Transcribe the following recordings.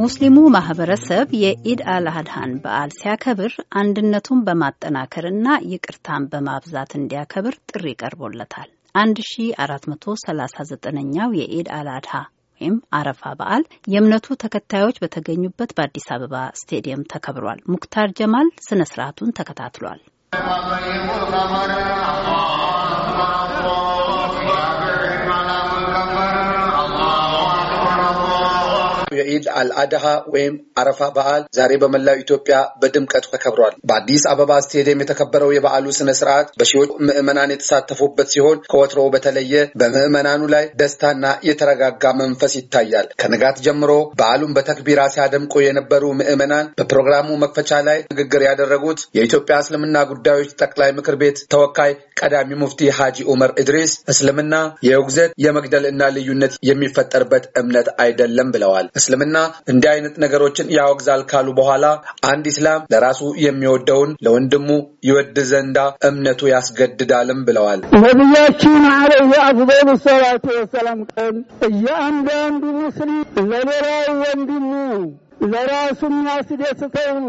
ሙስሊሙ ማህበረሰብ የኢድ አልአድሃን በዓል ሲያከብር አንድነቱን በማጠናከርና ይቅርታን በማብዛት እንዲያከብር ጥሪ ቀርቦለታል። 1439ኛው የኢድ አልአድሃ ወይም አረፋ በዓል የእምነቱ ተከታዮች በተገኙበት በአዲስ አበባ ስቴዲየም ተከብሯል። ሙክታር ጀማል ስነ ስርዓቱን ተከታትሏል። የኢድ አልአድሃ ወይም አረፋ በዓል ዛሬ በመላው ኢትዮጵያ በድምቀት ተከብሯል። በአዲስ አበባ ስቴዲየም የተከበረው የበዓሉ ስነ ስርዓት በሺዎች ምዕመናን የተሳተፉበት ሲሆን ከወትሮ በተለየ በምዕመናኑ ላይ ደስታና የተረጋጋ መንፈስ ይታያል። ከንጋት ጀምሮ በዓሉን በተክቢራ ሲያደምቁ የነበሩ ምዕመናን በፕሮግራሙ መክፈቻ ላይ ንግግር ያደረጉት የኢትዮጵያ እስልምና ጉዳዮች ጠቅላይ ምክር ቤት ተወካይ ቀዳሚ ሙፍቲ ሐጂ ዑመር ኢድሪስ እስልምና የውግዘት የመግደል እና ልዩነት የሚፈጠርበት እምነት አይደለም ብለዋል። እስልምና እንዲህ አይነት ነገሮችን ያወግዛል ካሉ በኋላ አንድ ኢስላም ለራሱ የሚወደውን ለወንድሙ ይወድ ዘንዳ እምነቱ ያስገድዳልም ብለዋል። ነቢያችን አለይሂ አፍዶሉ ሰላቱ ወሰላም ቀን እያንዳንዱ ሙስሊም ለሌላው ወንድሙ ለራሱ የሚያስደስተውን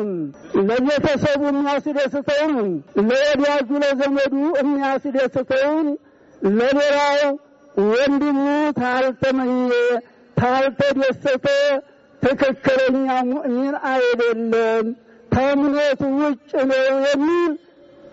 ለቤተሰቡ የሚያስደስተውን ለወዳጁ ለዘመዱ የሚያስደስተውን ለሌላው ወንድሙ ታልተመየ። ካልተደሰተ ትክክለኛ ሙእሚን አይደለም፣ ከእምነቱ ውጭ ነው የሚል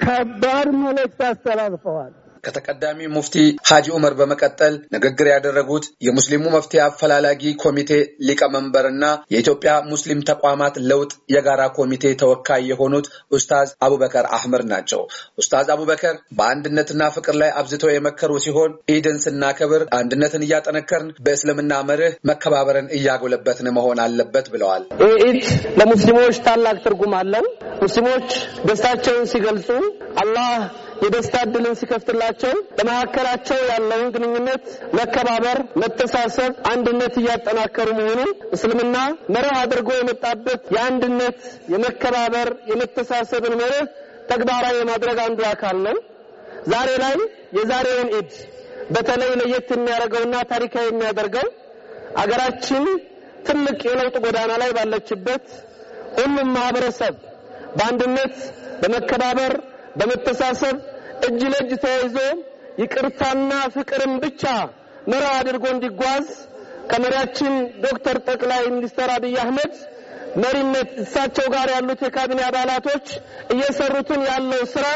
ከባድ መልእክት አስተላልፈዋል። ከተቀዳሚ ሙፍቲ ሀጂ ዑመር በመቀጠል ንግግር ያደረጉት የሙስሊሙ መፍትሄ አፈላላጊ ኮሚቴ ሊቀመንበርና የኢትዮጵያ ሙስሊም ተቋማት ለውጥ የጋራ ኮሚቴ ተወካይ የሆኑት ኡስታዝ አቡበከር አህመድ ናቸው። ኡስታዝ አቡበከር በአንድነትና ፍቅር ላይ አብዝተው የመከሩ ሲሆን ኢድን ስናከብር አንድነትን እያጠነከርን በእስልምና መርህ መከባበርን እያጎለበትን መሆን አለበት ብለዋል። ኢድ ለሙስሊሞች ታላቅ ትርጉም አለው። ሙስሊሞች ደስታቸውን ሲገልጹ አላህ የደስታ እድልን ሲከፍትላቸው በመካከላቸው ያለውን ግንኙነት መከባበር፣ መተሳሰብ፣ አንድነት እያጠናከሩ መሆኑን እስልምና መርህ አድርጎ የመጣበት የአንድነት፣ የመከባበር፣ የመተሳሰብን መርህ ተግባራዊ የማድረግ አንዱ አካል ነው። ዛሬ ላይ የዛሬውን ኢድ በተለይ ለየት የሚያደርገውና ታሪካዊ የሚያደርገው አገራችን ትልቅ የለውጥ ጎዳና ላይ ባለችበት ሁሉም ማህበረሰብ በአንድነት በመከባበር በመተሳሰብ እጅ ለእጅ ተያይዞ ይቅርታና ፍቅርን ብቻ መራው አድርጎ እንዲጓዝ ከመሪያችን ዶክተር ጠቅላይ ሚኒስትር አብይ አህመድ መሪነት እሳቸው ጋር ያሉት የካቢኔ አባላቶች እየሰሩትን ያለው ስራ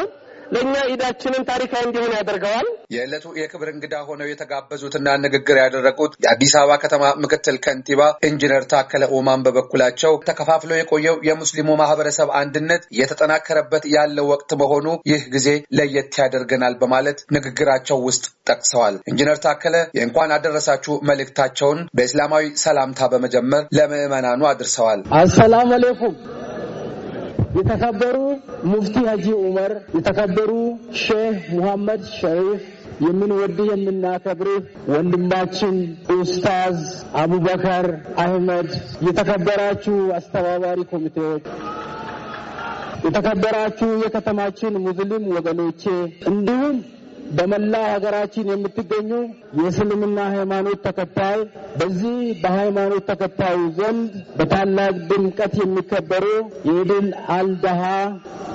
ለእኛ ኢዳችንን ታሪካዊ እንዲሆን ያደርገዋል። የዕለቱ የክብር እንግዳ ሆነው የተጋበዙትና ንግግር ያደረጉት የአዲስ አበባ ከተማ ምክትል ከንቲባ ኢንጂነር ታከለ ኡማን በበኩላቸው ተከፋፍሎ የቆየው የሙስሊሙ ማህበረሰብ አንድነት እየተጠናከረበት ያለው ወቅት መሆኑ ይህ ጊዜ ለየት ያደርገናል በማለት ንግግራቸው ውስጥ ጠቅሰዋል። ኢንጂነር ታከለ የእንኳን አደረሳችሁ መልእክታቸውን በእስላማዊ ሰላምታ በመጀመር ለምዕመናኑ አድርሰዋል። አሰላሙ አሌይኩም የተከበሩ ሙፍቲ ሀጂ ዑመር፣ የተከበሩ ሼህ ሙሐመድ ሸሪፍ የምንወድህ የምናከብርህ ወንድማችን ኡስታዝ አቡበከር አህመድ፣ የተከበራችሁ አስተባባሪ ኮሚቴዎች፣ የተከበራችሁ የከተማችን ሙስሊም ወገኖቼ እንዲሁም በመላ ሀገራችን የምትገኙ የእስልምና ሃይማኖት ተከታይ በዚህ በሃይማኖት ተከታዩ ዘንድ በታላቅ ድምቀት የሚከበሩ የኢድል አልዳሃ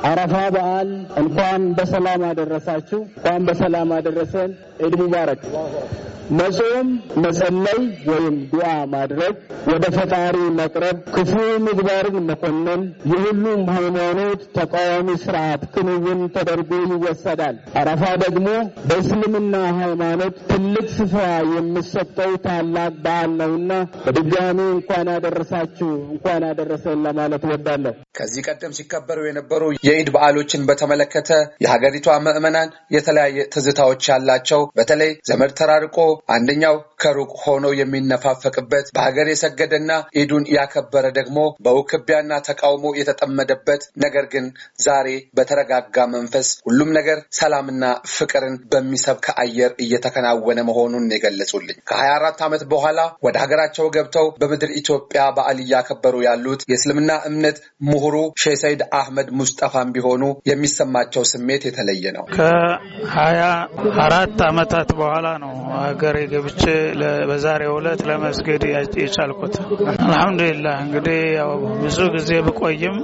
አረፋ በዓል እንኳን በሰላም አደረሳችሁ፣ እንኳን በሰላም አደረሰን። ኢድ ሙባረክ። መጾም፣ መጸለይ ወይም ዱዓ ማድረግ፣ ወደ ፈጣሪ መቅረብ፣ ክፉ ምግባርን መኮነን የሁሉም ሃይማኖት ተቃዋሚ ስርዓት ክንውን ተደርጎ ይወሰዳል። አረፋ ደግሞ በእስልምና ሃይማኖት ትልቅ ስፍራ የሚሰጠው ታላቅ በዓል ነውና በድጋሚ እንኳን አደረሳችሁ እንኳን አደረሰን ለማለት ወዳለሁ። ከዚህ ቀደም ሲከበሩ የነበሩ የኢድ በዓሎችን በተመለከተ የሀገሪቷ ምዕመናን የተለያየ ትዝታዎች ያላቸው በተለይ ዘመድ ተራርቆ አንደኛው ከሩቅ ሆኖ የሚነፋፈቅበት በሀገር የሰገደና ኢዱን ያከበረ ደግሞ በውክቢያና ተቃውሞ የተጠመደበት ነገር ግን ዛሬ በተረጋጋ መንፈስ ሁሉም ነገር ሰላምና ፍቅርን በሚሰብክ አየር እየተከናወነ መሆኑን የገለጹልኝ ከሀያ አራት ዓመት በኋላ ወደ ሀገራቸው ገብተው በምድር ኢትዮጵያ በዓል እያከበሩ ያሉት የእስልምና እምነት ምሁሩ ሼህ ሰይድ አህመድ ሙስጠፋን ቢሆኑ የሚሰማቸው ስሜት የተለየ ነው። ከሀያ አራት ዓመታት በኋላ ነው ሀገሬ ገብቼ በዛሬው ዕለት ለመስገድ የቻልኩት አልሐምዱሊላህ። እንግዲህ ያው ብዙ ጊዜ ብቆይም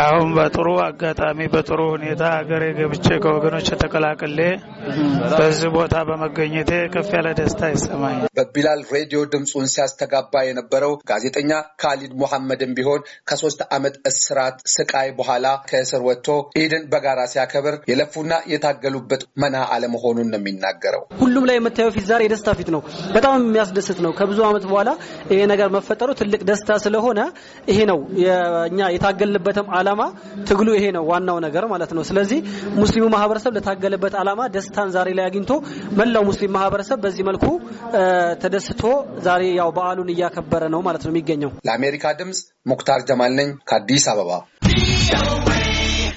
አሁን በጥሩ አጋጣሚ በጥሩ ሁኔታ ሀገሬ ገብቼ ከወገኖች ተቀላቅሌ በዚህ ቦታ በመገኘቴ ከፍ ያለ ደስታ ይሰማኛል። በቢላል ሬዲዮ ድምፁን ሲያስተጋባ የነበረው ጋዜጠኛ ካሊድ ሙሐመድም ቢሆን ከሶስት ዓመት እስራት ስቃይ በኋላ ከእስር ወጥቶ ኢድን በጋራ ሲያከብር የለፉና የታገሉበት መና አለመሆኑን ነው የሚናገረው። ሁሉም ላይ የምታየው ፊት ዛሬ የደስታ ፊት ነው። በጣም የሚያስደስት ነው። ከብዙ ዓመት በኋላ ይሄ ነገር መፈጠሩ ትልቅ ደስታ ስለሆነ ይሄ ነው እኛ የታገለበትም አላማ ትግሉ ይሄ ነው ዋናው ነገር ማለት ነው። ስለዚህ ሙስሊሙ ማህበረሰብ ለታገለበት አላማ ደስታን ዛሬ ላይ አግኝቶ መላው ሙስሊም ማህበረሰብ በዚህ መልኩ ተደስቶ ዛሬ ያው በዓሉን እያከበረ ነው ማለት ነው የሚገኘው። ለአሜሪካ ድምፅ ሙክታር ጀማል ነኝ ከአዲስ አበባ።